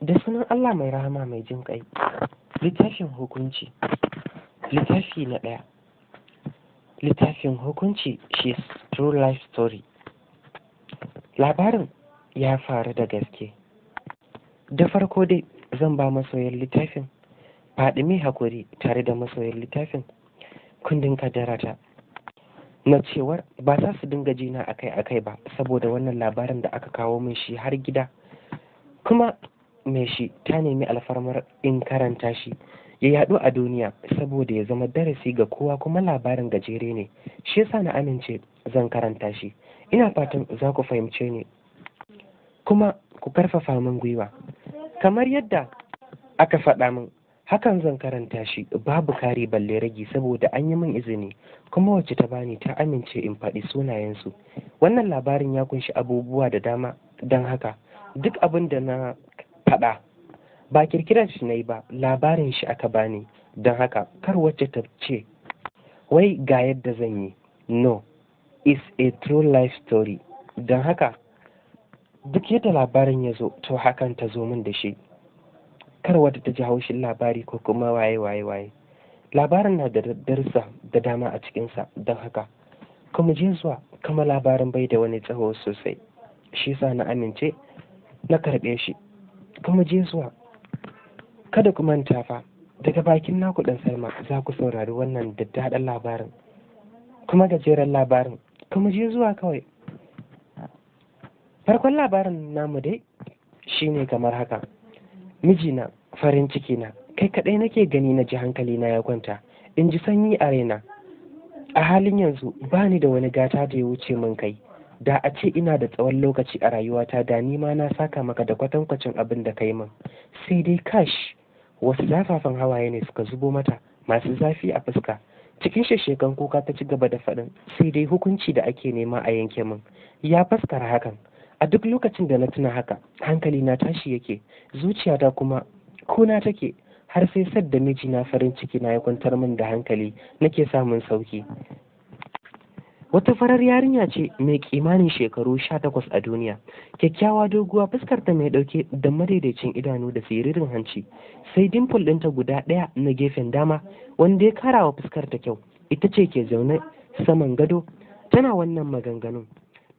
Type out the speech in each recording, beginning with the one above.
da sunan Allah mai rahama mai jin ƙai littafin hukunci littafi na ɗaya littafin hukunci shi true life story labarin ya faru da gaske da farko dai zan ba masoyin littafin faɗi hakuri tare da masoyin littafin kundin kadarata na cewar ba za su dinga jina akai-akai ba saboda wannan labarin da aka kawo min shi har gida kuma mai shi ta nemi alfarmar in karanta shi ya yaɗu a duniya saboda ya zama darasi ga kowa kuma labarin gajere ne shi yasa na amince zan karanta shi ina fatan za ku fahimce ni kuma ku karfafa min gwiwa kamar yadda aka faɗa min hakan zan karanta shi babu kari balle ragi saboda an yi min izini kuma wacce ta bani ta amince in faɗi sunayensu wannan labarin ya kunshi abubuwa da dama don haka duk abin da na faɗa ba kirkirar shi na yi ba labarin shi aka bani don haka kar wacce ta ce wai ga yadda zan yi no is a true life story don haka duk yadda labarin ya zo to hakan ta zo min da shi kar wata ta ji haushin labari ko kuma waye waye waye labarin na da darsa da dama a cikinsa don haka kuma je zuwa kama labarin bai da wani tsawo sosai shi sa na amince na karɓe shi kuma zuwa, kada ku manta fa daga bakin naku dan salma za ku saurari wannan daɗin labarin kuma gajeren labarin kuma je zuwa kawai farkon labarin namu dai shine kamar haka mijina farin ciki na kai kaɗai nake gani na ji hankali na ya kwanta in ji sanyi a raina a halin yanzu bani da wani gata da ya wuce min kai da a ce ina da tsawon lokaci a rayuwata da nima na saka maka da kwatankwacin abin da kai min sai dai kash wasu zafafan hawaye ne suka zubo mata masu zafi a fuska cikin shekan kuka ta ci gaba da faɗin sai dai hukunci da ake nema a yanke min ya faskara hakan a duk lokacin da na tuna haka hankali na tashi yake zuciyata kuma kuna take har sai sadda mijina farin ciki na ya kwantar min da hankali nake samun sauki wata farar yarinya ce mai kimanin shekaru sha takwas a duniya kyakkyawa doguwa fuskarta mai dauke da madaidaicin idanu da siririn hanci sai dimple ɗinta guda ɗaya na gefen dama wanda ya karawa fuskarta kyau ita ce ke zaune saman gado tana wannan maganganun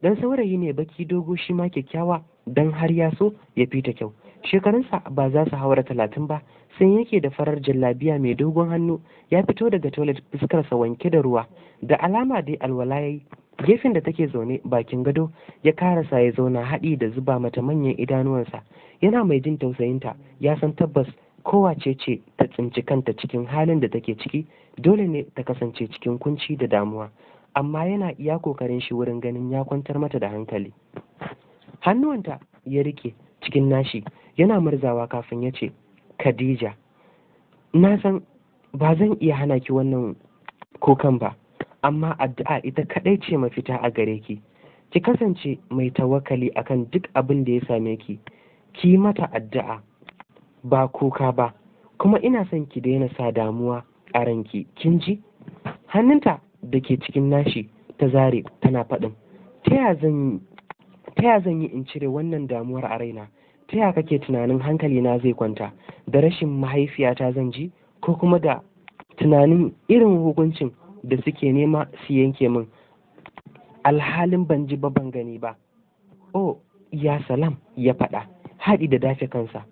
dan saurayi ne baki dogo shi ma kyakkyawa dan har ya so ya fita kyau shekarunsa ba za su haura talatin ba sun yake da farar jallabiya mai dogon hannu ya fito daga toilet fuskarsa wanke da ruwa da alama dai alwala yayi gefen da take zaune bakin gado ya karasa ya zauna haɗi da zuba mata manyan idanuwansa yana mai jin tausayinta ya san tabbas kowace ce ta tsinci kanta cikin halin da take ciki dole ne ta kasance cikin kunci da damuwa amma yana iya kokarin shi wurin ganin ya kwantar mata da hankali hannuwanta ya rike cikin nashi yana murzawa kafin ya ce khadija na san ba zan iya hana ki wannan kukan ba amma addu'a ita kaɗai ce mafita a gare ki ki kasance mai tawakali akan duk abin da ya same ki ki mata addu'a ba kuka ba kuma ina son ki daina sa damuwa a ranki kin ji hannunta da ke cikin nashi ta zare tana faɗin ta ya zan ta ya zan yi in cire wannan damuwar a raina ta ya kake tunanin hankali na zai kwanta da rashin mahaifiyata zan ji ko kuma da tunanin irin hukuncin da suke nema su yanke min alhalin ban ji ba ban gani ba oh ya salam ya faɗa haɗi da dafe kansa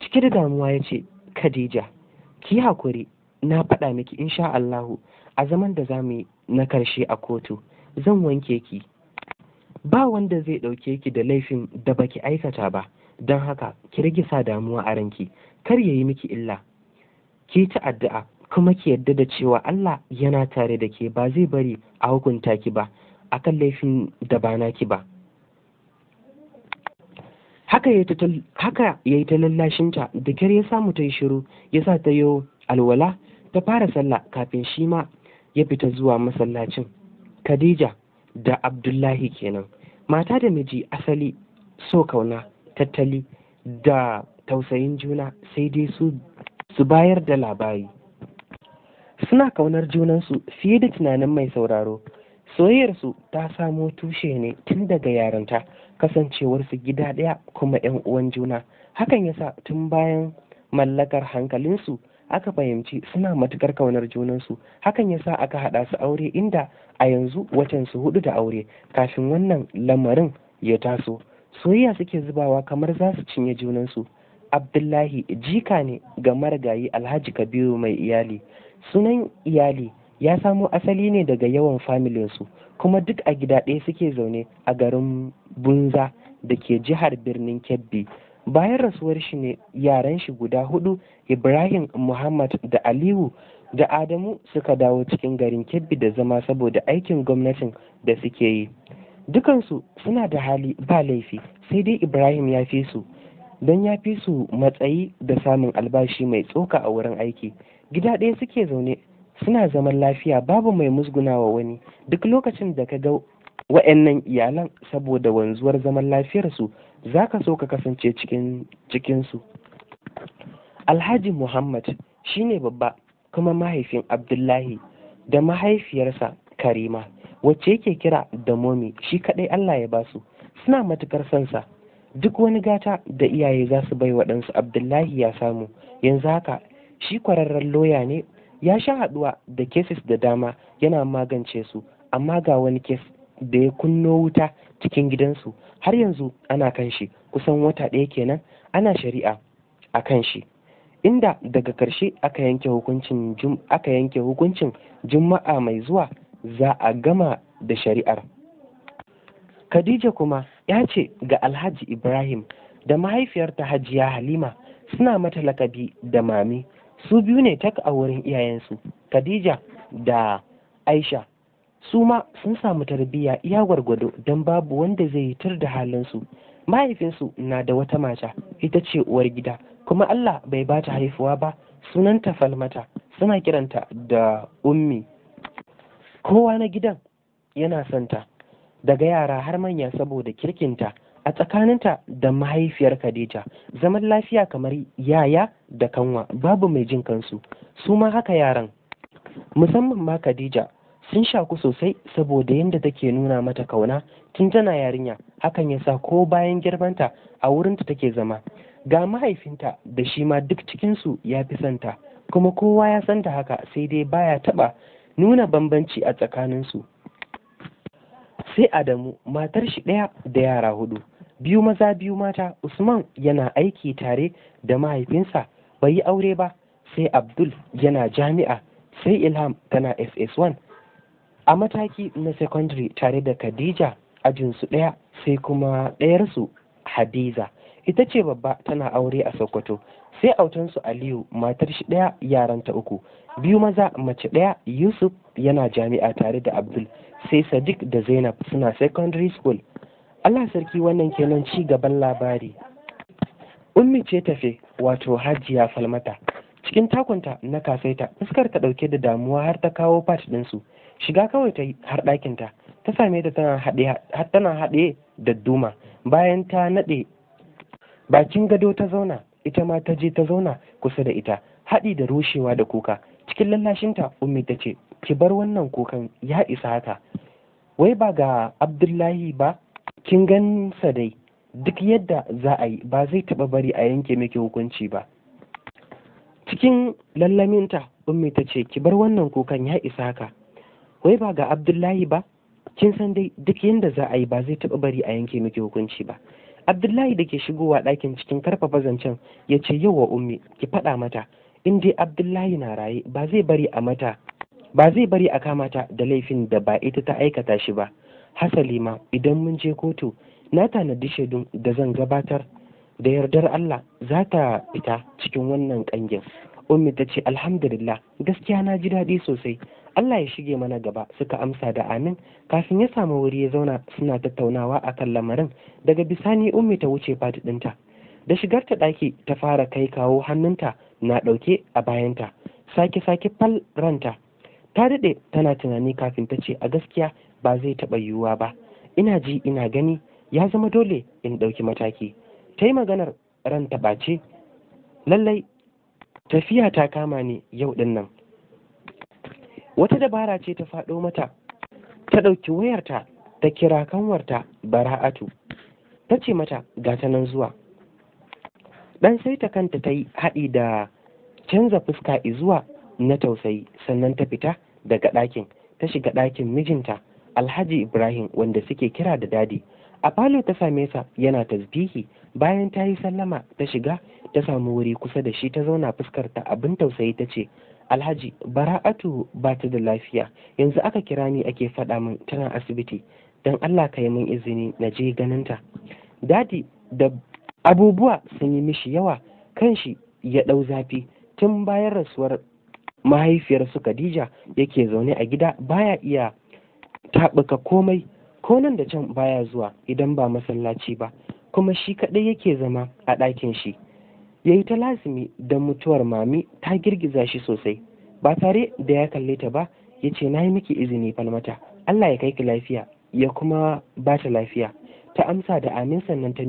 cike da damuwa ya ce khadija ki hakuri na faɗa miki insha Allahu a zaman da za mu yi na karshe a kotu zan wanke ki ba wanda zai ɗauke ki da laifin da baki aikata ba don haka ki rage sa damuwa a ranki kar ya yi miki illa ki ta addu'a kuma ki yadda da cewa Allah yana tare da ke ba zai bari a hukunta ki ba akan laifin da ba naki ba haka ya yi ta lallashinta da kyar ya samu ta yi shiru ya sa ta yo alwala ta fara sallah kafin shi ma ya fita zuwa masallacin khadija da abdullahi kenan mata da miji asali so kauna tattali da tausayin juna sai dai su su bayar da labari suna kaunar junansu fiye da tunanin mai sauraro soyayyarsu ta samo tushe ne tun daga yarinta kasancewarsu gida ɗaya kuma 'yan uwan juna hakan yasa tun bayan mallakar hankalinsu aka fahimci suna matukar kaunar junansu hakan ya sa aka haɗa su aure inda a yanzu watan su hudu da aure kafin wannan lamarin ya taso soyayya suke zubawa kamar za su cinye junansu abdullahi jika ne ga marigayi alhaji kabiru mai iyali sunan iyali ya samo asali ne daga yawan familinsu kuma duk a gida ɗaya suke zaune a garin bunza da ke jihar birnin kebbi bayan rasuwar shi ne yaren shi guda hudu ibrahim muhammad da aliyu da adamu suka dawo cikin garin kebbi da zama saboda aikin gwamnatin da suke yi dukansu suna da hali ba laifi sai dai ibrahim ya fi su don ya fi su matsayi da samun albashi mai tsoka a wurin aiki gida ɗaya suke zaune suna zaman lafiya babu mai musguna wa wani duk lokacin da ka ga wa'annan iyalan saboda wanzuwar zaman lafiyarsu za ka so ka kasance cikin su alhaji muhammad shi ne babba kuma mahaifin abdullahi da mahaifiyarsa karima wacce yake kira da momi shi kaɗai allah ya ba su. suna matukar sansa duk wani gata da iyaye za su bai waɗansu abdullahi ya samu yanzu haka shi kwararren loya ne ya sha haɗuwa da cases da dama yana magance su amma ga wani kes da ya kunno wuta cikin gidansu har yanzu ana kan shi kusan wata ɗaya kenan ana shari'a a kan shi inda daga ƙarshe aka yanke hukuncin aka yanke hukuncin juma'a mai zuwa za a gama da shari'ar khadija kuma ya ce ga alhaji ibrahim da mahaifiyarta hajiya halima suna mata lakabi da mami su biyu ne tak a wurin iyayensu khadija da aisha su ma sun samu tarbiyya ya gwargwado don babu wanda zai yi tur da halinsu mahaifinsu na da wata mata ita ce uwar gida kuma allah bai ba ta haifuwa ba sunanta falmata suna kiranta da ummi kowa na gidan yana santa daga yara har manya saboda kirkinta a tsakaninta da mahaifiyar Khadija zaman lafiya kamar yaya da kanwa babu mai jin kansu su ma haka yaran musamman ma Khadija sun shaku sosai saboda yadda take nuna mata kauna tun tana yarinya hakan ya sa ko bayan girmanta a wurinta take zama ga mahaifinta da shi ma duk cikinsu ya fi santa kuma kowa ya santa haka sai dai baya taba nuna bambanci a tsakaninsu sai adamu matar shi ɗaya da yara hudu biyu maza biyu mata usman yana aiki tare da mahaifinsa bai yi aure ba sai abdul yana jami'a sai ilham tana ss1 a mataki na secondary tare da khadija ajinsu ɗaya sai kuma ɗayarsu hadiza ita ce babba tana aure a sokoto sai autansu aliyu matar shi ɗaya yaranta uku biyu maza mace ɗaya yusuf yana jami'a tare da abdul sai sadiq da zainab suna secondary school allah sarki wannan kenan ci gaban labari ummi ce tafe wato hajiya falmata cikin takunta na kasaita iskar ta ɗauke da damuwa har ta kawo pat ɗinsu shiga kawai ta yi har ɗakinta ta same ta tana haɗe tana haɗe da duma bayan ta naɗe bakin gado ta zauna ita ma ta je ta zauna kusa da ita haɗi da rushewa da kuka cikin lallashinta ummi ta ce ki bar wannan kukan ya isa haka wai ba ga abdullahi ba kin gansa dai duk yadda za a yi ba zai taɓa bari a yanke miki hukunci ba cikin lallaminta ummi ta ce ki bar wannan kukan ya isa haka wai ba ga abdullahi ba kin san dai duk yadda za a yi ba zai taɓa bari a yanke miki hukunci ba abdullahi da ke shigowa ɗakin cikin karfafa zancen ya ce yau wa ummi ki faɗa mata in dai abdullahi na raye ba zai bari a mata ba zai bari a kamata da laifin da ba ita ta aikata shi ba hasali ma idan mun je kotu na tanadi shaidun da zan gabatar da yardar Allah za ta fita cikin wannan kangin ummi ta ce alhamdulillah gaskiya na ji daɗi sosai Allah ya shige mana gaba suka amsa da amin kafin ya samu wuri ya zauna suna tattaunawa a kan lamarin daga bisani ummi ta wuce ɗinta. da shigar ta ɗaki ta fara kai kawo hannunta na ɗauke a bayanta sake sake fal ranta ta daɗe tana tunani kafin ta ce a gaskiya ba zai taɓa yiwuwa ba ina ji ina gani ya zama dole in ɗauki mataki ta yi maganar ranta ce. lallai tafiya ta kama ni yau ɗin wata dabara ce ta faɗo mata ta ɗauki wayarta ta kira kanwarta bara'atu ta ce mata gata nan zuwa ɗan sai ta kanta ta yi haɗi da canza fuska izuwa na tausayi sannan ta fita daga ɗakin ta shiga ɗakin mijinta alhaji ibrahim wanda suke kira da dadi a falo ta same sa yana tasbihi bayan ta yi sallama ta shiga ta samu wuri kusa da shi ta zauna fuskarta abin tausayi ta ce alhaji bara'atu ba ta da lafiya yanzu aka kira ni ake faɗa min tana asibiti don allah ka yi min izini na je ganinta dadi da abubuwa sun yi mishi yawa kanshi ya ɗau zafi tun bayan rasuwar mahaifiyarsu khadija yake zaune a gida baya iya taɓuka komai ko nan da can baya zuwa idan ba masallaci ba kuma shi kaɗai yake zama a ɗakin shi ya yi ta lazimi don mutuwar mami ta girgiza shi sosai ba tare da ya kalle ta ba ya ce na yi miki izini falmata allah ya kai ki lafiya ya kuma ba ta lafiya ta amsa da amin sannan ta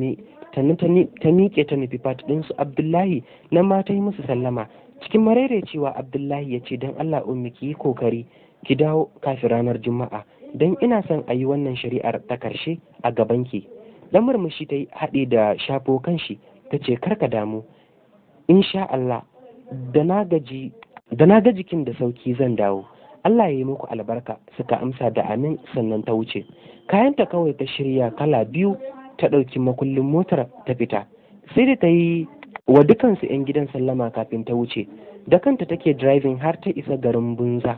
ta miƙe ta nufi fat su abdullahi na mata yi musu sallama cikin cewa abdullahi ya ce don allah ummi ki yi kokari ki dawo kafin ranar juma'a don ina son a yi wannan shari'ar ta karshe a gabanki lamar mushi ta yi haɗe da shafo kan shi ta ce karka damu insha Allah da na ga jikin da sauki zan dawo Allah ya yi muku albarka suka amsa da amin sannan ta wuce kayanta kawai ta shirya kala biyu ta ɗauki makullin motar ta fita sai da ta yi wa dukansu 'yan gidan sallama kafin ta wuce da kanta take driving har ta isa garin bunza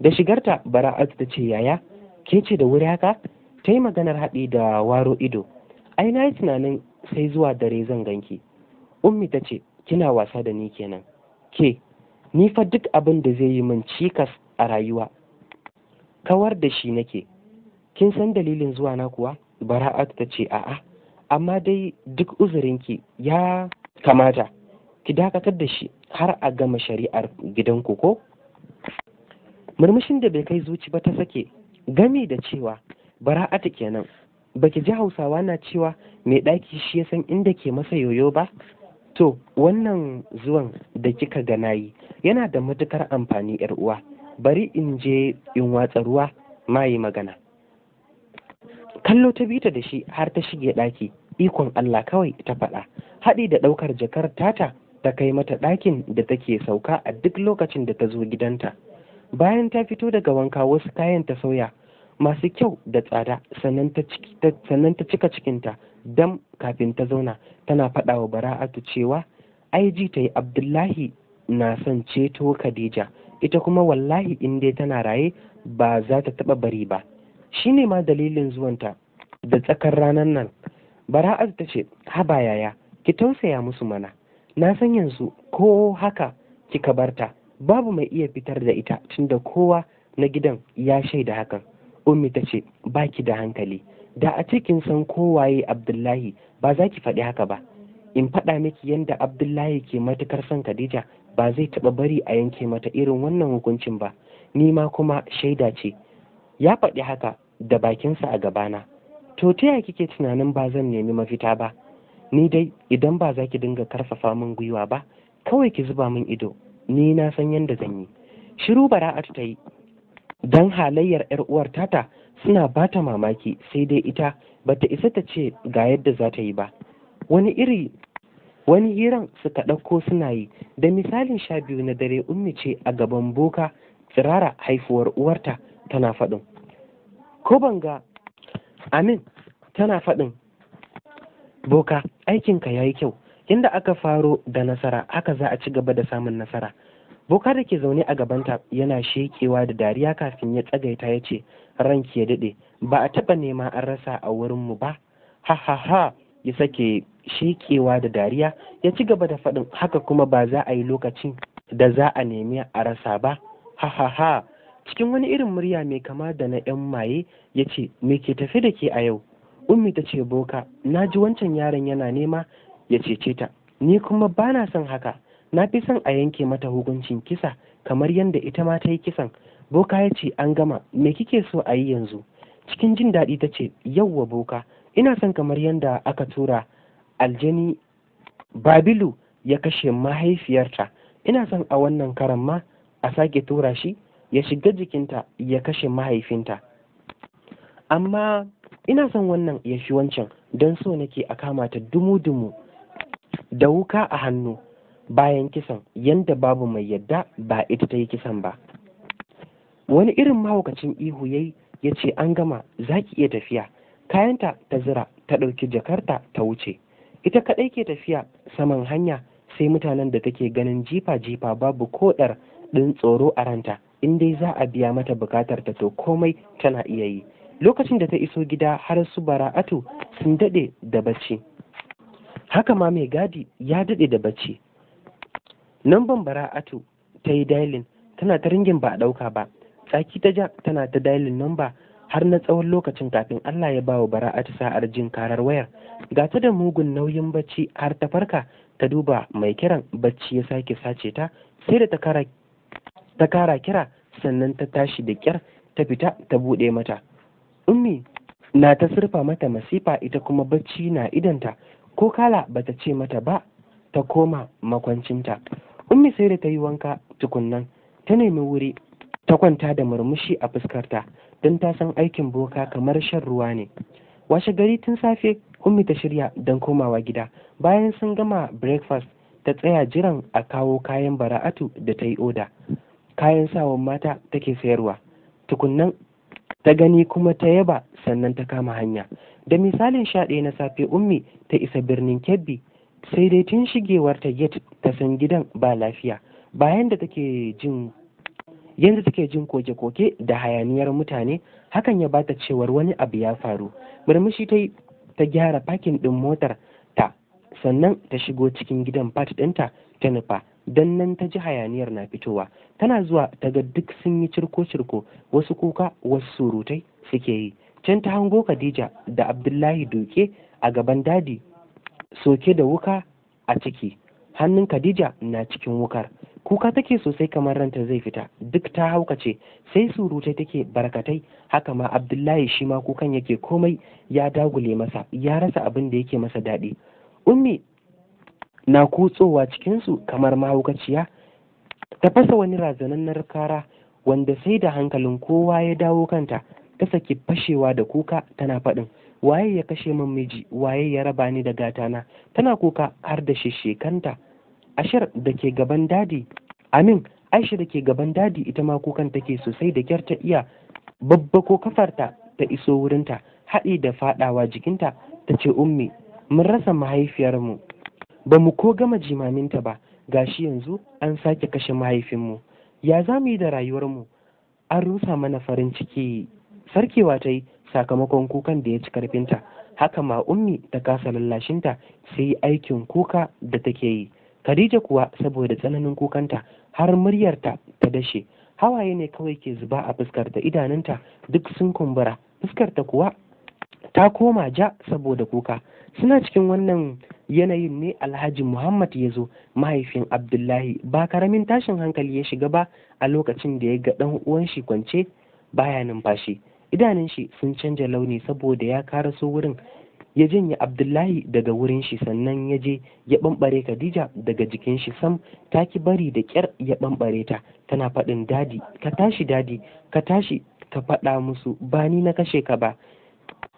da shigarta bara'at ta ce yaya ke ce da wuri haka ta yi maganar haɗi da waro ido ai na yi tunanin sai zuwa dare zan ganki ummi ta ce kina wasa da ni kenan ke ni fa duk abin da zai yi min cikas a rayuwa kawar da shi nake kin san dalilin zuwa na kuwa bara'at ta ce a'a amma dai duk uzurinki ya kamata ki dakatar da shi har a gama shari'ar gidanku ko murmushin da bai kai zuci ba ta sake gami da cewa bara'atu kenan baki ji hausawa na cewa mai ɗaki shi ya san inda ke masa yoyo ba to wannan zuwan da kika ga yi yana da matukar amfani yar uwa bari in je in watsa ruwa ma yi magana kallo ta bita da shi har ta shige ɗaki ikon Allah kawai ta faɗa haɗi da ɗaukar jakar tata ta kai mata ɗakin da take sauka a duk lokacin da ta zo gidanta bayan ta fito daga wanka wasu kayan ta sauya masu kyau da tsada sannan ta cika cikinta dam kafin ta zauna tana faɗa wa bara'atu cewa ai ji ta yi abdullahi na son ceto khadija ita kuma wallahi in dai tana raye ba za ta taɓa bari ba shi ne ma dalilin zuwanta da tsakar ranar nan bara'atu ta ce haba yaya ki tausaya musu mana na san yanzu ko haka kika barta babu mai iya fitar da ita tunda kowa na gidan ya shaida hakan ummi ta ce baki da hankali da a cikin san kowaye abdullahi ba za ki faɗi haka ba in faɗa miki yadda abdullahi ke matukar son khadija ba zai taɓa bari a yanke mata irin wannan hukuncin ba ni ma kuma shaida ce ya faɗi haka da bakinsa a gabana to ta yaya kike tunanin ba zan nemi mafita ba ni dai idan ba za ki dinga karfafa min gwiwa ba kawai ki zuba min ido ni na san yadda zan yi shiru bara'atu ta yi don halayyar 'yar uwar tata suna bata mamaki sai dai ita ba ta isa ta ce ga yadda za ta yi ba wani iri wani hiran suka ɗauko suna yi da misalin sha biyu na dare ummi ce a gaban boka tsirara haifuwar uwarta tana faɗin ko banga amin tana faɗin boka aikinka ya yi kyau inda aka faro da nasara haka za a ci gaba da samun nasara boka da ke zaune a gabanta yana shekewa da dariya kafin ya tsagaita ya ce ranki ya daɗe ba a taɓa nema an rasa a wurinmu ba ha ha ha ya sake shekewa da dariya ya ci gaba da faɗin haka kuma ba za a yi lokacin da za a nemi a rasa ba ha ha ha cikin wani irin murya mai kama da na 'yan maye ya ce me ke tafi da ke a yau ummi ta ce boka na ji wancan yaron yana nema ya cece ta ni kuma ba na son haka na fi son a yanke mata hukuncin kisa kamar yadda ita ma ta yi kisan boka ya ce an gama me kike so a yi yanzu cikin jin daɗi ta ce yauwa boka ina son kamar yadda aka tura aljani babilu ya kashe mahaifiyarta ina son a wannan karan ma a sake tura shi ya shiga jikinta ya kashe mahaifinta amma ina son wannan ya fi wancan don so nake a kama ta dumu-dumu da wuka a hannu bayan kisan yadda babu mai yadda ba ita ta yi kisan ba wani irin mahaukacin ihu ya yi ya ce an gama za ki iya tafiya kayanta ta zira ta ɗauki jakarta ta wuce ita kaɗai ke tafiya saman hanya sai mutanen da take ganin jifa-jifa babu koɗar ɗin tsoro a ranta in dai za a biya mata bukatar ta to komai tana iya yi lokacin da ta iso gida har su bara'atu sun daɗe da bacci haka ma mai gadi ya daɗe da bacci nan ban bara'atu ta yi dailin tana ta ringin ba a ɗauka ba tsaki ta ja tana ta dailin nan ba har na tsawon lokacin kafin Allah ya bawa bara'atu sa'ar jin karar wayar ga ta da mugun nauyin bacci har ta farka ta duba mai kiran bacci ya sake sace ta sai da ta kara kira sannan ta tashi da kyar ta fita ta buɗe mata ummi na ta surfa mata masifa ita kuma bacci na idanta ko kala bata ce mata ba ta koma makwancinta ummi sai da ta yi wanka tukunnan ta nemi wuri ta kwanta da murmushi a fuskarta don ta san aikin boka kamar shan ruwa ne washe gari tun safe ummi ta shirya don komawa gida bayan sun gama breakfast ta tsaya jiran a kawo kayan bara'atu da ta yi oda kayan sawan mata take sayarwa tukunnan ta gani kuma ta yaba sannan ta kama hanya da misalin sha na safe ummi ta isa birnin kebbi sai dai tun shigewar ta get ta san gidan ba lafiya bayan da take jin yanzu take jin koke-koke da hayaniyar mutane hakan ya bata cewar wani abu ya faru murmushi ta ta gyara pakin din motar ta sannan ta shigo cikin gidan fat ɗinta ta nufa don nan ta ji hayaniyar na fitowa tana zuwa ta ga duk sun yi cirko-cirko wasu kuka wasu surutai suke yi can ta hango khadija da abdullahi doke a gaban dadi soke da wuka a ciki hannun Khadija na cikin wukar kuka take sosai kamar ranta zai fita duk ta haukace sai surutai take barkatai haka ma Abdullahi shi ma kukan yake komai ya dagule masa ya rasa abin da yake masa daɗi ummi na kutsowa cikinsu kamar mahaukaciya ta fasa wani razanannar kara wanda sai da hankalin kowa ya dawo kanta ta saki fashewa da kuka tana faɗin waye ya kashe min miji waye ya raba ni da gata na? tana kuka har da sheshekanta ashir da ke gaban dadi amin aisha da ke gaban dadi ita ma kukan take sosai da kyar ta iya ko kafarta ta iso wurinta haɗi da faɗawa jikinta ta ce ummi mun rasa mahaifiyarmu ba mu ko gama jimaminta ba gashi yanzu an sake kashe mahaifinmu ya za mu yi da rayuwarmu an rusa mana farin ciki sarkewa ta yi sakamakon kukan da ya ci karfinta haka ma ummi ta kasa lallashinta sai aikin kuka da take yi khadija kuwa saboda tsananin kukanta har muryarta ta dashe hawaye ne kawai ke zuba a fuskarta idanunta duk sun kumbura fuskarta kuwa ta koma ja saboda kuka suna cikin wannan yanayin ne alhaji muhammad ya zo mahaifin abdullahi ba karamin tashin hankali ya shiga ba a lokacin da ya ga ɗan uwan shi kwance baya numfashi idanun shi sun canja launi saboda ya karaso wurin ya janye abdullahi daga wurin shi sannan ya je ya bambare khadija daga jikin shi sam ta ki bari da kyar ya bambare ta tana faɗin dadi ka tashi dadi ka tashi ka faɗa musu ba ni na kashe ka ba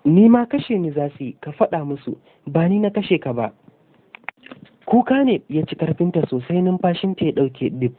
ni ma kashe ni za su yi ka faɗa musu ba ni na kashe ka ba kuka ne ya ci karfinta sosai numfashinta ya ɗauke dip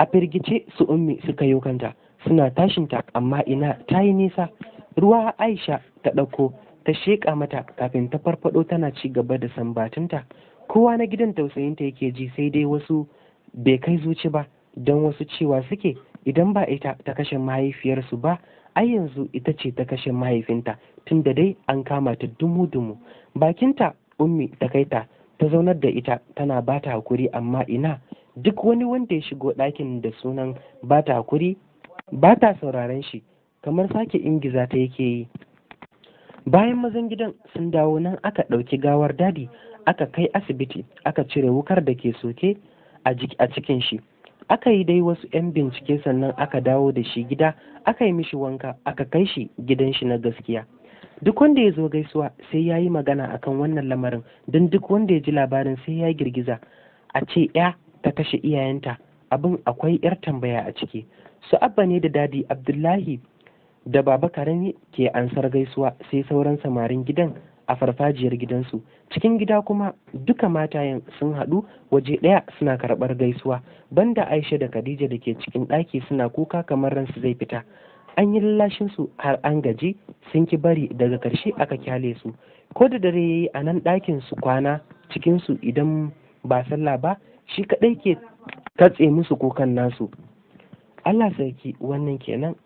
a firgice su ummi suka yi kanta suna tashin ta amma ina ta yi nisa ruwa aisha ta ɗauko ta sheƙa mata kafin ta farfaɗo tana ci gaba da sambatinta kowa na gidan tausayinta yake ji sai dai wasu bai kai zuci ba don wasu cewa suke idan ba ita ta kashe mahaifiyarsu ba ai yanzu ita ce ta kashe mahaifinta tunda dai an kama ta dumu-dumu bakinta ummi ta kai ta ta zaunar da ita tana ba ta hakuri amma ina duk wani wanda ya shigo ɗakin da sunan ba ta hakuri ba ta sauraren shi kamar sake ingiza ta yake yi bayan mazan gidan sun dawo nan aka ɗauki gawar dadi aka kai asibiti aka cire wukar da ke soke a cikin shi aka yi dai wasu 'yan bincike sannan aka dawo da shi gida aka yi mishi wanka aka kai shi gidan shi na gaskiya duk wanda ya zo gaisuwa sai ya yi magana akan wannan lamarin don duk wanda ya ji labarin sai ya girgiza a ce ya ta kashe iyayenta abin akwai 'yar tambaya a ciki su abba ne da dadi abdullahi da baba karami ke ansar gaisuwa sai sauran samarin gidan a farfajiyar gidansu cikin gida kuma duka matayen sun haɗu waje ɗaya suna karɓar gaisuwa banda aisha da khadija da ke cikin ɗaki suna kuka kamar ransu zai fita an yi lallashin har an gaji sun ki bari daga ƙarshe aka kyale su ko da dare yayi a nan ɗakin su kwana cikinsu idan ba sallah ba shi kaɗai ke katse musu kukan nasu Allah sarki wannan kenan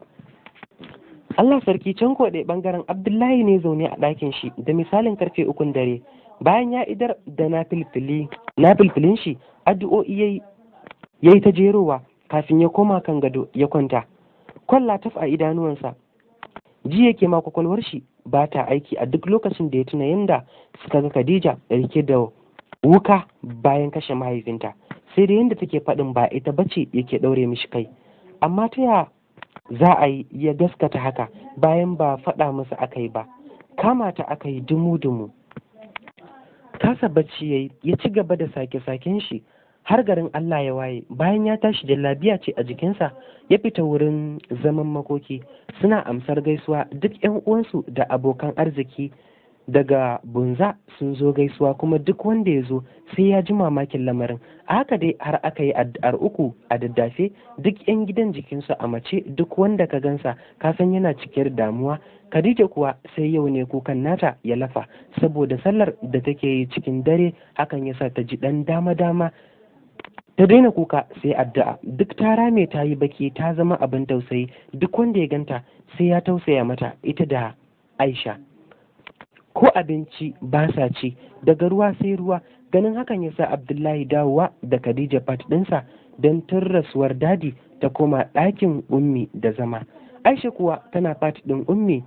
Allah sarki can koɗe ɓangaren Abdullahi ne zaune a ɗakin shi da misalin karfe ukun dare bayan ya idar da na filfilin shi addu'o'i ya yi ta jerowa kafin ya koma kan gado ya kwanta kwalla taf a idanuwansa ji yake ma kwakwalwar shi ba ta aiki a duk lokacin da ya tuna yadda suka ga Khadija rike da wuka bayan kashe mahaifinta sai da yadda take faɗin ba ita bace yake ɗaure mishi kai amma ta ya za a yi ya gaskata haka bayan ba faɗa musu aka yi ba kama ta aka yi dumu-dumu kasa bacci ya yi ya ci gaba da sake-saken shi har garin Allah ya waye bayan ya tashi da labiya ce a jikinsa ya fita wurin zaman makoki suna amsar gaisuwa duk 'yan uwansu da abokan arziki daga bunza sun zo gaisuwa kuma duk wanda ya zo sai ya ji mamakin lamarin a haka dai har aka yi addu'ar uku a daddafe duk yan gidan jikinsu a mace duk wanda ka gansa kasan yana cikin damuwa Khadija kuwa sai yau ne kukan nata ya lafa saboda sallar da take yi cikin dare hakan ya sa ta ji dan dama dama ta daina kuka sai addu'a duk ta rame ta yi baki ta zama abin tausayi duk wanda ya ganta sai ya tausaya mata ita da Aisha ko abinci ba sa ci daga ruwa sai ruwa ganin hakan ya sa abdullahi dawowa da khadija fat ɗinsa don tun rasuwar dadi ta koma ɗakin ummi da zama aisha kuwa tana fat ɗin ummi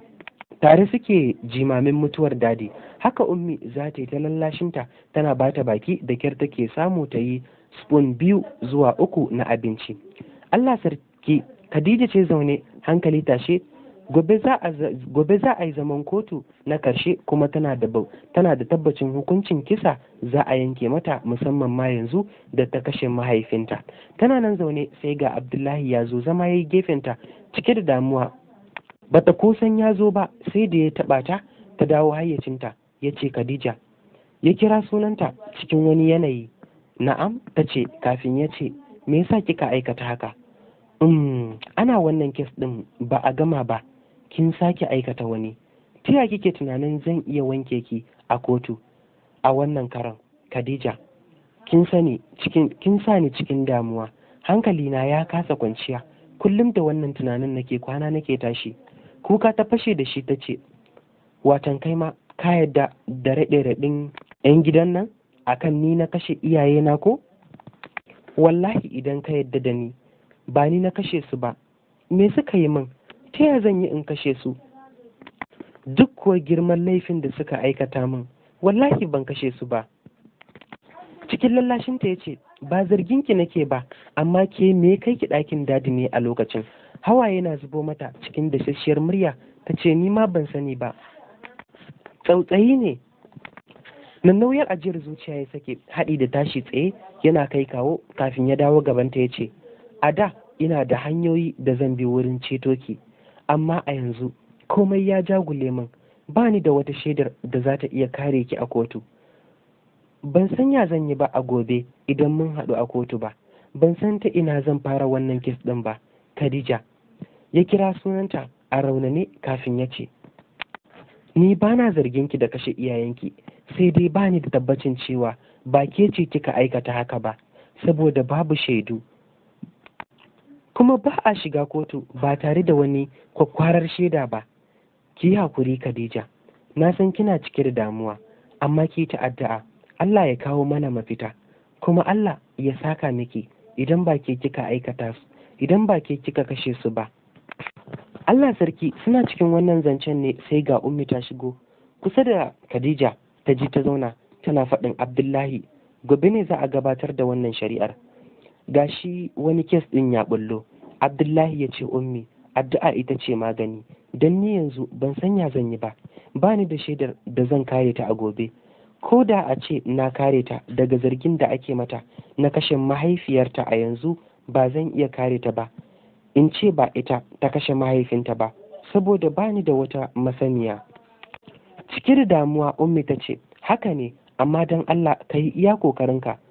tare suke jimamin mutuwar dadi haka ummi za ta yi ta lallashinta tana bata baki da kyar take samu ta yi spoon biyu zuwa uku na abinci allah sarki khadija ce zaune hankali tashe gobe za a yi zaman kotu na karshe kuma tana da tana da tabbacin hukuncin kisa za a yanke mata musamman ma yanzu da ta kashe mahaifinta tana nan zaune sai ga abdullahi ya zo zama ya yi gefenta cike da damuwa bata kusan ya zo ba sai da ya taɓa ta ta dawo hayyacinta ya ce khadija ya kira sunanta cikin wani yanayi na'am ta ce kafin ya ce me yasa kika aikata haka umm, ana wannan kes ɗin ba a gama ba kin sake aikata wani tiya kike tunanin zan iya wanke ki a kotu a wannan karan khadija kin sani cikin kin sani cikin damuwa hankalina ya kasa kwanciya kullum da wannan tunanin nake kwana nake tashi kuka ta fashe da shi ta ce watan kai ma ka yadda da raɗe raɗin yan gidan nan akan ni na kashe iyaye na ko wallahi idan ka yadda da ni ba ni na kashe su ba me suka yi min ta ya zan yi in kashe su duk kuwa girman laifin da suka aikata min wallahi ban kashe su ba cikin lallashinta ya ce ba zargin ki nake ba amma ke me kai ki ɗakin dadi ne a lokacin hawaye na zubo mata cikin dasasshiyar murya ta ce ni ma ban sani ba tsautsayi ne nannauyar ajiyar zuciya ya sake haɗi da tashi tsaye yana kai kawo kafin ya dawo gabanta ya ce a da ina da hanyoyi da zan bi wurin ceto ki amma a yanzu komai ya jagule min ba ni da wata shaidar da za ta iya kare ki a kotu ban san ya zan yi ba a gobe idan mun haɗu a kotu ba ban san ta ina zan fara wannan kes ɗin ba khadija ya kira sunanta a raunane kafin ya ce ni ba na zargin ki da kashe iyayenki sai dai ba ni da tabbacin cewa ba ke ce kika aikata haka ba saboda babu shaidu kuma ba a shiga kotu ba tare da wani kwakwarar shaida ba ki yi hakuri khadija na san kina cike da damuwa amma ki ta addu'a allah ya kawo mana mafita kuma allah ya saka miki idan ba ke kika aikata su idan ba ke kika kashe su ba allah sarki suna cikin wannan zancen ne sai ga ummi ta shigo kusa da khadija ta ji ta zauna tana faɗin abdullahi gobe ne za a gabatar da wannan shari'ar gashi wani kes ɗin ya bullo abdullahi ya ce ummi addu'a ita ce magani don ni yanzu ban sanya zan yi ba ba ni da shaidar da zan kare ta a gobe ko da a ce na kare ta daga zargin da ake mata na kashe mahaifiyarta a yanzu ba zan iya kare ta ba in ce ba ita ta kashe mahaifinta ba saboda ba ni da wata masaniya Cikin damuwa ummi ta ce haka ne amma don allah ka yi iya kokarinka